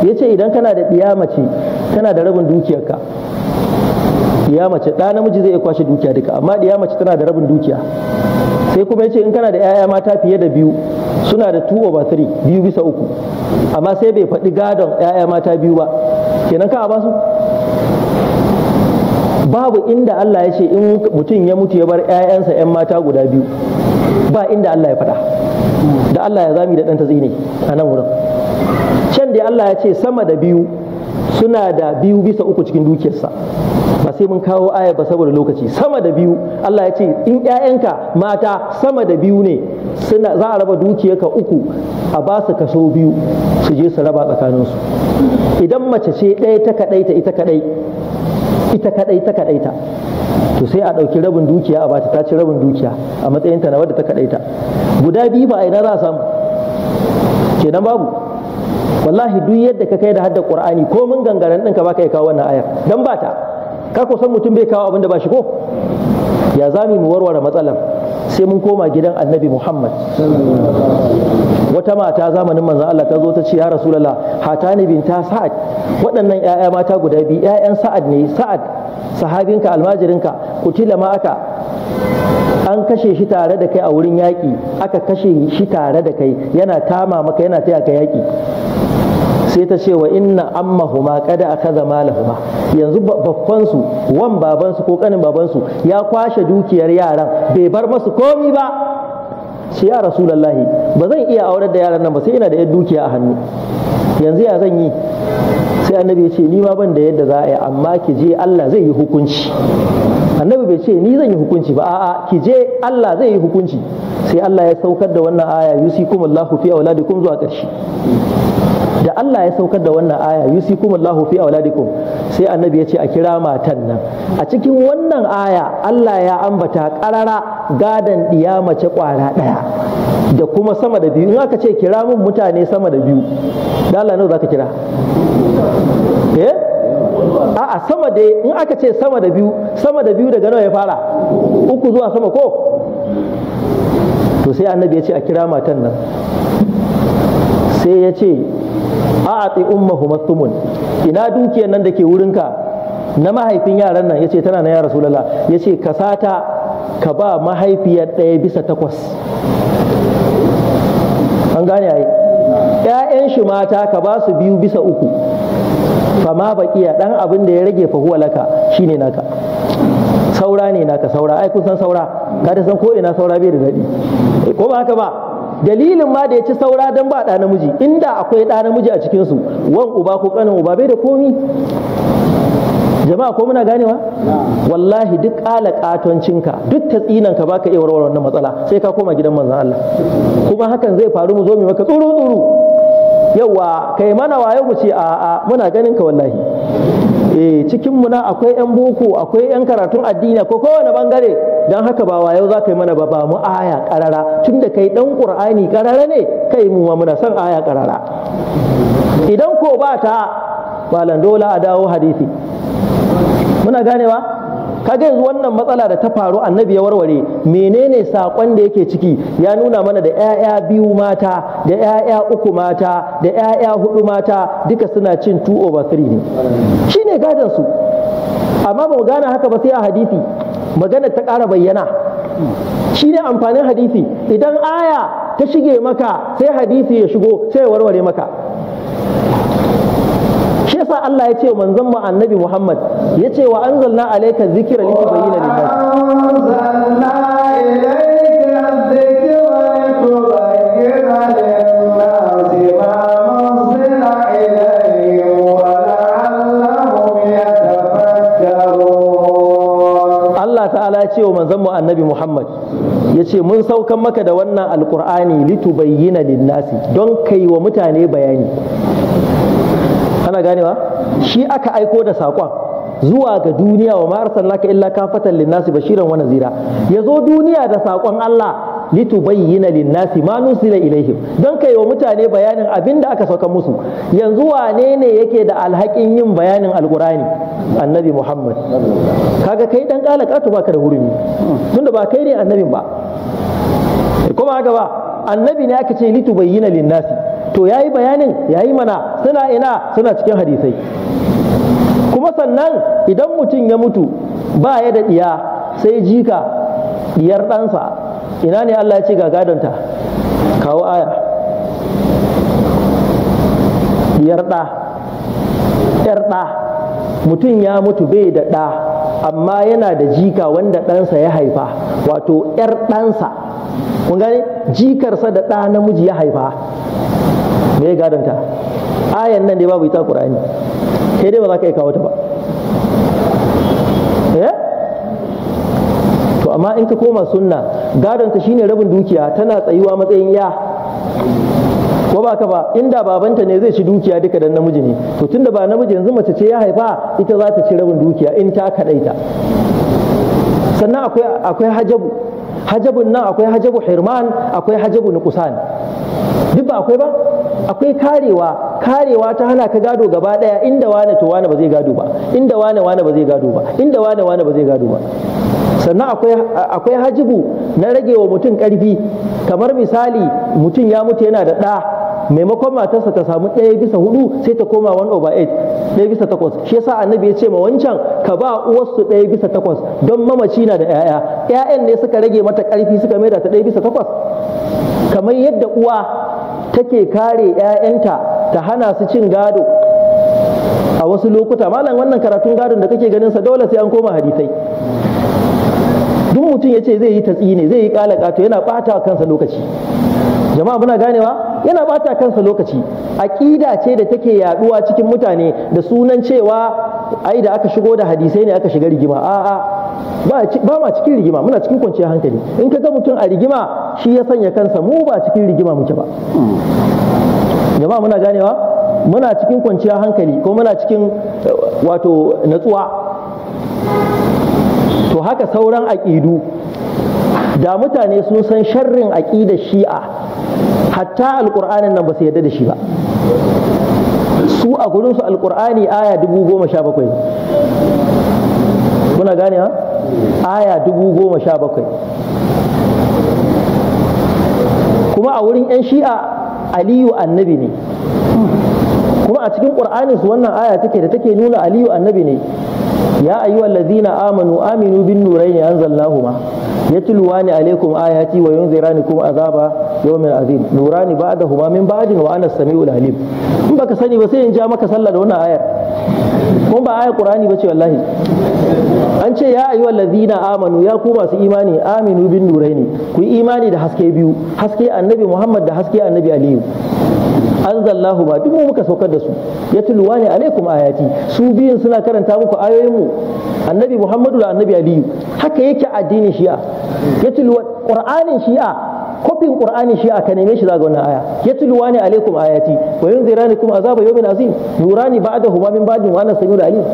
Speaker 1: ya ce idan kana da ɗiya mace tana da rabin dukiyarka ɗiya mace ɗa namiji zai iya kwashe dukiya duka amma ɗiya mace tana da rabin dukiya sai kuma ya ce in kana da 'ya'ya mata fiye da biyu suna da 2 over 3 biyu bisa uku amma sai bai faɗi gadon 'ya'ya mata biyu ba kenan ka a basu babu inda Allah ya ce in mutum ya mutu ya bar 'ya'yansa 'yan mata guda biyu ba inda Allah ya faɗa da Allah ya zami da ɗanta zine a nan wurin can da Allah ya ce sama da biyu suna da biyu bisa uku cikin dukiyarsa ba sai mun kawo aya ba saboda lokaci sama da biyu Allah ya ce in 'ya'yanka mata sama da biyu ne suna za a raba dukiyarka uku a ba su kaso biyu su je su raba tsakaninsu idan mace ce ɗaya ta kaɗaita ita kaɗai ita kaɗai ta kaɗaita to sai a ɗauki rabin dukiya a bata ta ci rabin dukiya a matsayin ta na wadda ta kaɗaita guda biyu ba a ina za a samu kenan babu wallahi duk yadda ka kai da hadda qur'ani ko mun gangaren ɗinka ba ka ya kawo wannan ayar dan ba ta ka ko san mutum bai kawo abin da ba shi ko ya zami mu warware matsalar sai mun koma gidan annabi muhammad wata mata zamanin manzan Allah ta zo ta ce ya Hata ne binta sa'ad waɗannan 'ya'ya mata guda biyu 'ya'yan sa'ad ne sa'ad sahabinka almajirinka ku ma aka an kashe shi tare da kai a wurin yaƙi aka kashe shi tare da kai yana kama maka yana taya ka yaƙi sai ta ce wa inna ammahuma kada aka zama lahuma yanzu babbansu wan babansu ko kanin babansu ya kwashe dukiyar yaran bai bar masu komi ba sai ya rasulullahi ba zan iya aurar da yaran nan ba sai ina da yan dukiya a hannu yanzu ya zan yi sai annabi ya ce ni ma ban da yadda za a yi amma ki je Allah zai yi hukunci annabi bai ce ni zan yi hukunci ba a'a ki je Allah zai yi hukunci sai Allah ya saukar da wannan aya yusikumullahu fi auladikum zuwa ƙarshe da Allah ya saukar da wannan aya yusikum Allahu fi auladikum sai annabi ya ce a kira matan nan a cikin wannan aya Allah ya ambata karara gadan diya mace kwara daya da kuma sama da biyu in aka ce kira mun mutane sama da biyu da Allah nawa zaka kira eh a'a sama da in aka ce sama da biyu sama da biyu daga nawa ya fara uku zuwa sama ko to sai annabi ya ce a kira matan nan sai ya ce umma ummuhu mathumun ina dukiyar nan da ke wurinka na mahaifin yaran nan yace tana na ya rasulullah yace ka sata ka ba mahaifiyar ɗaya bisa takwas an gane ai ƴaƴan shi mata ka ba su biyu bisa uku fama baƙiya ɗan abin da ya rage fa huwa laka shine naka saura ne naka saura ai kun san saura ka ta san ko ina saura bai da daɗi eh, ko ba haka ba dalilin ma da ya ci saura dan ba ɗa namiji inda akwai ɗa namiji a cikinsu wan uba ko ƙanin uba bai da komi jama'a ko muna ganewa wallahi duk ƙala ƙatoncinka duk ta ka baka iya warware wannan matsala sai ka koma gidan manzon Allah kuma hakan zai faru mu zo mu maka tsuru tsuru yawa kai mana waye ku ce a'a muna ganin ka wallahi eh cikin mu na akwai yan boko akwai yan karatun addini ko kowane bangare don haka ba wayo za ka yi mana ba ba mu aya karara tun da kai dan qur'ani karara ne kai mu muna son aya karara idan ko ba ta malan dole a dawo hadisi muna ganewa kaga yanzu wannan matsala da ta faru annabi ya warware menene sakon da yake ciki ya nuna mana da 'ya'ya biyu mata da 'ya'ya uku mata da 'ya'ya hudu mata duka suna cin 2 over 3 ne shine gadon su amma ba mu gane haka ba sai a hadisi magana ta ƙara bayyana shi ne amfanin hadisi idan aya ta shige maka sai hadisi ya shigo sai ya warware maka shi yasa Allah ya ce manzon mu annabi Muhammad ya ce wa anzalna alayka zikra litubayyana lin-nas
Speaker 2: anzalna ilayka litubayyana lin-nas ma
Speaker 1: ce wa manzon mu annabi Muhammad Yace mun saukan maka da wannan alqur'ani litubayyana linnasi don kai wa mutane bayani ana ganewa shi aka aiko da saƙon zuwa ga duniya wa ma arsalnaka illa kafatan linnasi bashiran wa nazira yazo duniya da saƙon Allah litubayyana linnasi ma nusila ilaihim don kai wa mutane bayanin abin da aka sauka musu yanzu wane ne yake da alhakin yin bayanin alkurani annabi muhammad kaga kai dan kala katu baka da hurumi tunda ba kai ne annabin ba kuma gaba ba annabi ne aka ce litu bayyana linnasi to yayi bayanin yayi mana suna ina suna cikin hadisai kuma sannan idan mutum ya mutu ba ya da diya sai jika diyar ɗansa ina ne Allah ya ce ga gadonta kawo aya diyar ɗa ‘yar ɗa mutum ya mutu bai da ɗa amma yana da jika wanda ɗansa ya haifa wato 'yar ɗansa kun gani jikarsa da ɗa namiji ya haifa me ya gadonta ayan nan dai babu ita ƙura'ani. kai dai ba za ka iya kawo ta ba eh? to amma in ka koma sunna gadonta shine rabin dukiya tana tsayuwa matsayin ya ko ba ka ba inda babanta ne zai ci dukiya duka dan namiji ne to tunda ba namiji yanzu mace ce ya haifa ita za ta ci rabin dukiya in ta kadaita sannan akwai akwai hajabu hajabun nan akwai hajabu hirman akwai hajabu nuqsan duk ba akwai ba akwai karewa karewa ta hana ka gado gaba daya inda wane to wane ba zai gado ba inda wane wane ba zai gado ba inda wane wane ba zai gado ba sannan akwai hajibu na rage wa mutum karfi kamar misali mutum ya mutu yana da ɗa maimakon matarsa ta samu ɗaya bisa hudu sai ta koma 1 over 8 ɗaya bisa takwas shi yasa annabi ya ce ma wancan ka ba uwarsu ɗaya bisa takwas don mamaci na da 'ya'ya 'ya'yan ne suka rage mata ƙarfi suka maida ta ɗaya bisa takwas kamar yadda uwa take kare 'ya'yanta ta hana su cin gado a wasu lokuta malam wannan karatun gadon da kake ganin sa dole sai an koma hadisai duk mutum ya ce zai yi tatsi ne zai yi kalaka to yana ɓata kansa lokaci jama'a muna ganewa yana bata kansa lokaci aqida ce da take yaduwa cikin mutane da sunan cewa ai da aka shigo da hadisai ne aka shiga rigima a'a ba ma cikin rigima muna cikin kwanciyar hankali in ka ga mutum a rigima shi ya sanya kansa mu ba cikin rigima muke ba jama'a muna ganewa muna cikin kwanciyar hankali ko muna cikin eh, wato natsuwa to haka sauran aƙidu da mutane sun san sharrin aqidar shi'a hatta alƙur'anin nan ba su yarda da shi ba su a gurinsu alƙur'ani aya dubu goma sha bakwai kuna gane ha aya dubu goma sha bakwai kuma a wurin 'yan shi'a aliyu annabi ne kuma a cikin ƙur'anin su wannan aya take da take nuna aliyu annabi ne ya ayyuhallazina amanu aminu bin nuraini ma. Ya yatluwani alaikum ayati wa kuma azaba yawmin azim nurani ba'dahuma min ba'din wa ana samiul alim in baka sani ba sai in ja maka sallah da wannan ayar kuma ba ayar ba ce wallahi an ce ya ayyuhal ladina amanu ya ku masu imani aminu bin nuraini ku yi imani da haske biyu haske annabi muhammad da haske annabi aliyu anzallahu ba duk mu muka saukar da su ya tuluwa ne alaikum ayati su biyun suna karanta muku ayoyin mu annabi muhammadu da annabi aliyu haka yake addinin shi'a ya tuluwa qur'anin shi'a kofin qur'ani shi aka neme shi zaga wannan aya yatluwa ne alaikum ayati wa yunzirani kum azaba yawmin azim nurani ba'dahu ma min ba'din wa ana samiu alim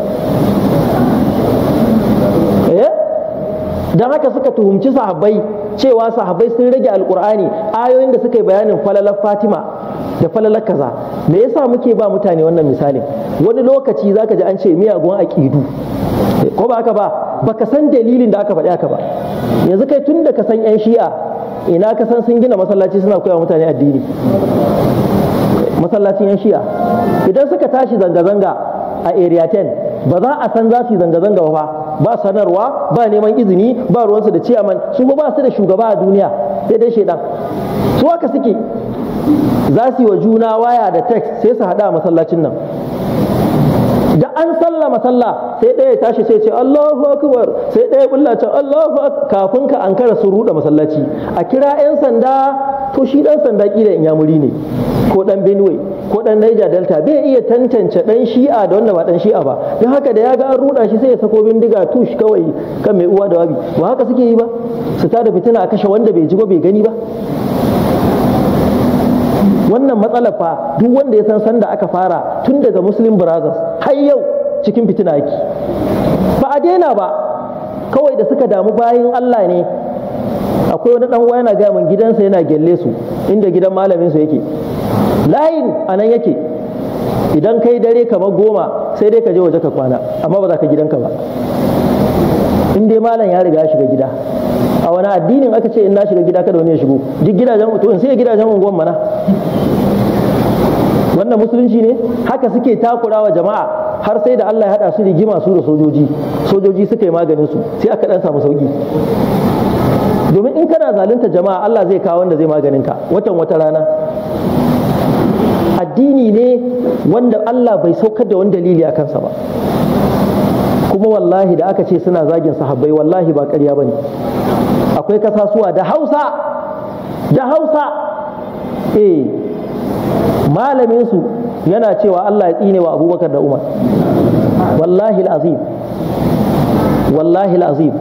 Speaker 1: dan haka suka tuhumci sahabbai cewa sahabbai sun rage alkur'ani ayoyin da suka yi bayanin falalar fatima da falalar kaza me yasa muke ba mutane wannan misalin wani lokaci zaka ji an ce miyagun aqidu ko ba haka ba baka san dalilin da aka faɗi haka ba yanzu kai tun da ka san yan shi'a ina ka san sun gina masallaci suna koya mutane addini masallacin yan shi'a idan suka tashi zanga-zanga a area 10 ba za a san za su zanga-zanga ba ba sanarwa ba neman izini ba ruwansu da ciyaman su ba su da shugaba a duniya sai dai shaidan su haka suke za su yi wa juna waya da text sai su haɗa a masallacin nan da an sallama masalla sai ɗaya tashi sai ce Allahu akbar sai ɗaya bulla ce Allahu kafin ka ankara su ruɗa masallaci a kira 'yan sanda to shi ɗan sanda kila in ya muri ne ko dan benue ko dan niger delta bai iya tantance dan shi'a da wanda ba dan shi'a ba don haka da ya ga an ruda shi sai ya sako bindiga tush kawai kan mai uwa da wabi ba haka suke yi ba su tada fitina a kashe wanda bai ji ba bai gani ba wannan matsalar fa duk wanda ya san sanda aka fara tun daga muslim brothers har yau cikin fitina yake ba a daina ba kawai da suka damu bayan allah ne akwai wani dan uwa yana gaya min gidansa yana gelle su inda gidan malamin su yake layin a nan yake idan kai dare kamar goma sai dai ka je waje ka kwana amma ba za ka gidanka ba in dai malam ya riga ya shiga gida a wani addinin aka ce in na shiga gida kada wani ya shigo duk gidajen to in sai gidajen unguwan mana wannan musulunci ne haka suke takurawa jama'a har sai da Allah ya hada su rigima su da sojoji sojoji suka yi maganin su sai aka dan samu sauki domin in kana zalunta jama'a Allah zai kawo wanda zai maganin ka watan wata rana addini ne wanda Allah bai saukar da wani dalili a kansa ba kuma wallahi da aka ce suna zagin sahabbai wallahi ba ƙarya ba ne akwai kasasuwa da hausa da hausa eh malaminsu yana cewa Allah ya tsine wa abubakar da umar wallahi azim wallahi azim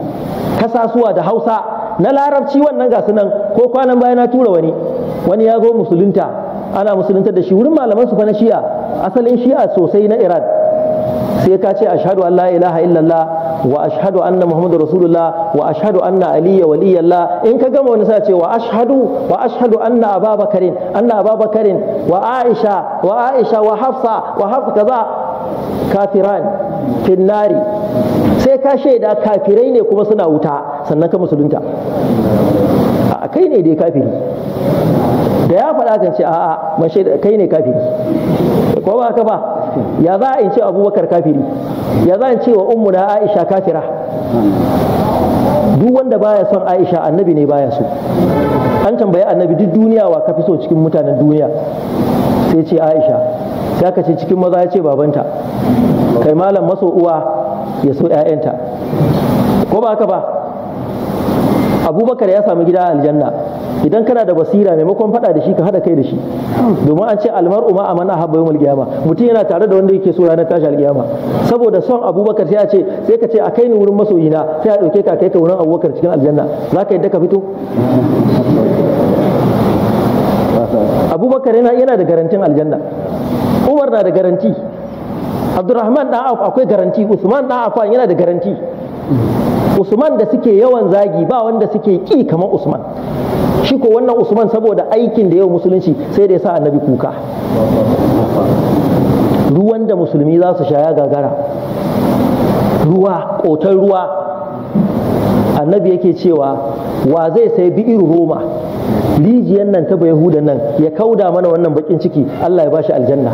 Speaker 1: kasasuwa da hausa na larabci wannan ga sunan ko kwanan baya na tura wani wani ya zo musulunta ana musulunta da shi wurin malaman su fa na shi'a asalin shi'a sosai na iran sai ka ce ashhadu an la ilaha illallah wa ashhadu anna muhammadu rasulullah wa ashhadu anna aliyya waliyallah in ka gama wani sai ce wa ashhadu wa ashhadu anna ababakarin anna ababakarin wa aisha wa aisha wa hafsa wa hafsa kaza kafiran finnari sai ka shaida kafirai ne kuma suna wuta sannan ka musulunta a kai ne dai kafiri da ya faɗa kan ce a'a ban kai ne kafiri ko ba ka ba ya za a in ce abubakar kafiri ya za a in ce wa ummu na aisha kafira duk wanda baya son aisha annabi ne baya so an tambayi annabi duk duniya wa kafi so cikin mutanen duniya sai ce aisha sai aka ce cikin maza ya ce babanta kai malam maso uwa ya so 'ya'yanta ko ba ka ba abubakar ya samu gida aljanna idan kana da basira maimakon faɗa da shi ka haɗa kai da shi domin an ce almar'u ma amana habba yawmal qiyama mutum yana tare da wanda yake so ranar tashi alqiyama saboda son abubakar sai a ce sai ka ce a kai ni wurin masoyina sai a ɗauke ka kai ka wurin abubakar cikin aljanna za ka yadda ka fito abubakar yana yana da garantin aljanna umar na da garanti abdurrahman dan auf akwai garanti usman dan affan yana da garanti usman da suke yawan zagi ba wanda suke ki kamar usman shi ko wannan usman saboda aikin da yau musulunci sai da ya sa annabi kuka ruwan da musulmi za su shaya gagara ruwa ƙotar ruwa annabi yake cewa wa zai sai bi'ir roma Rijiyan nan ta yahudan nan ya kauda mana wannan bakin ciki allah ya bashi aljanna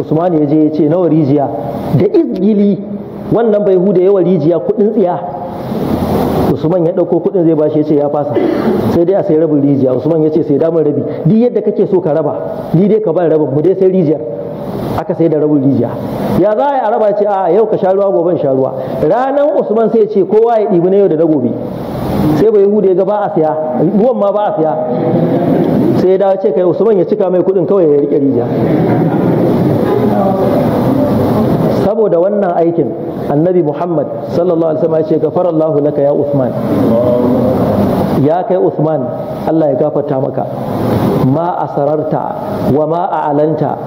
Speaker 1: usman ya je ya ce nawa rijiya da izgili wannan bai yawa rijiya kudin tsiya usman ya ɗauko kuɗin zai bashi ya ce ya fasa sai dai a sai rabin rijiya usman ya ce sai damar rabi di yadda kake so ka raba ni dai ka ba rabin mu dai sai rijiyar aka sai da rabin rijiya ya za a raba ce a yau ka sha ruwa gobe sha ruwa ranar usman sai ce kowa ya ɗibi na yau da na gobe sai bai hude ga ba a siya ruwan ma ba a siya sai ya dawo ce kai usman ya cika mai kuɗin kawai ya riƙe rijiya saboda wannan aikin annabi muhammad sallallahu alaihi wasallam ya ce gafara allah laka ya usman ya kai usman allah ya gafarta maka ma sararta wa ma alanta,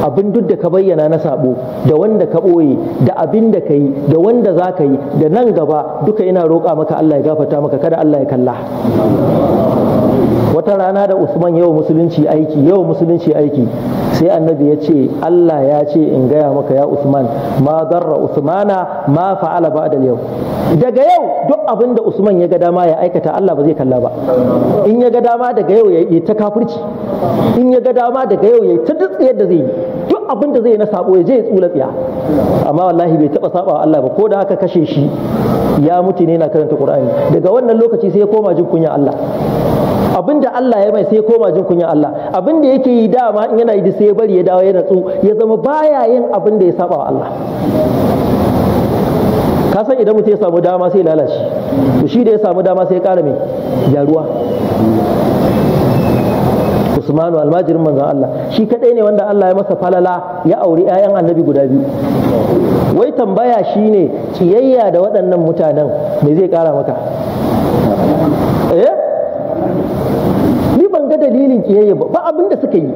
Speaker 1: abin duk da ka bayyana na sabo da wanda ka ɓoye da abin da ka yi da wanda za ka yi da nan gaba duka ina roƙa maka allah ya gafarta maka kada allah ya kalla wata rana da usman yau musulunci aiki yau musulunci aiki sai annabi ya ce allah ya ce in gaya maka ya usman ma darra usmana ma fa'ala ba da yau daga yau duk abin da usman ya ga dama ya aikata allah ba zai kalla ba in ya ga dama daga yau ya ta kafirci in ya ga dama daga yau ya ta dutse yadda zai yi duk abin da zai na sabo ya je ya tsula tsiya amma wallahi bai taba saba wa allah ba ko da aka kashe shi ya mutu ne na karanta qur'ani daga wannan lokaci sai ya koma jin kunya allah abinda Allah ya mai sai koma jin kunya Allah abin da yake yi dama in yana yi sai bari ya dawo ya natsu ya zama baya yin abin da ya saba wa Allah ka san idan mutum ya samu dama sai lalace to shi da ya samu dama sai ya kara mai jaruwa Usmanu almajirin manzon Allah shi kadai ne wanda Allah ya masa falala ya auri 'ya'yan annabi guda biyu wai tambaya shine kiyayya da waɗannan mutanen me zai kara maka eh Na dalilin kiyayya ba ba abin da suka yi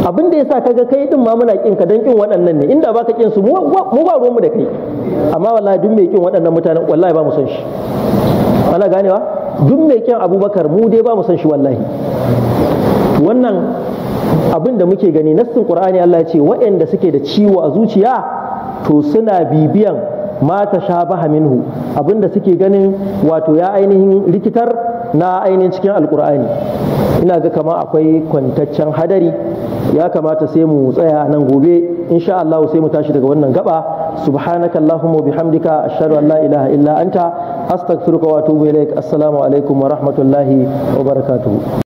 Speaker 1: abin da yasa kaga kai din ma muna kin ka dan kin waɗannan ne inda baka kin su mu ba ruwanmu da kai amma wallahi duk mai kin waɗannan mutanen wallahi ba mu son shi ana ganewa duk mai kin abubakar mu dai ba mu son shi wallahi wannan abin da muke gani nassin qur'ani Allah ya ce waɗanda suke da ciwo a zuciya to suna bibiyan ma tashabaha minhu abinda suke ganin wato ya ainihin likitar na ainihin cikin alkur'ani ina ga kama akwai kwantaccen hadari ya kamata sai mu tsaya nan gobe insha Allah sai mu tashi daga wannan gaba subhanaka allahumma bihamdika ashhadu an la ilaha illa anta astaghfiruka wa atubu ilaik assalamu alaikum wa rahmatullahi wa barakatuh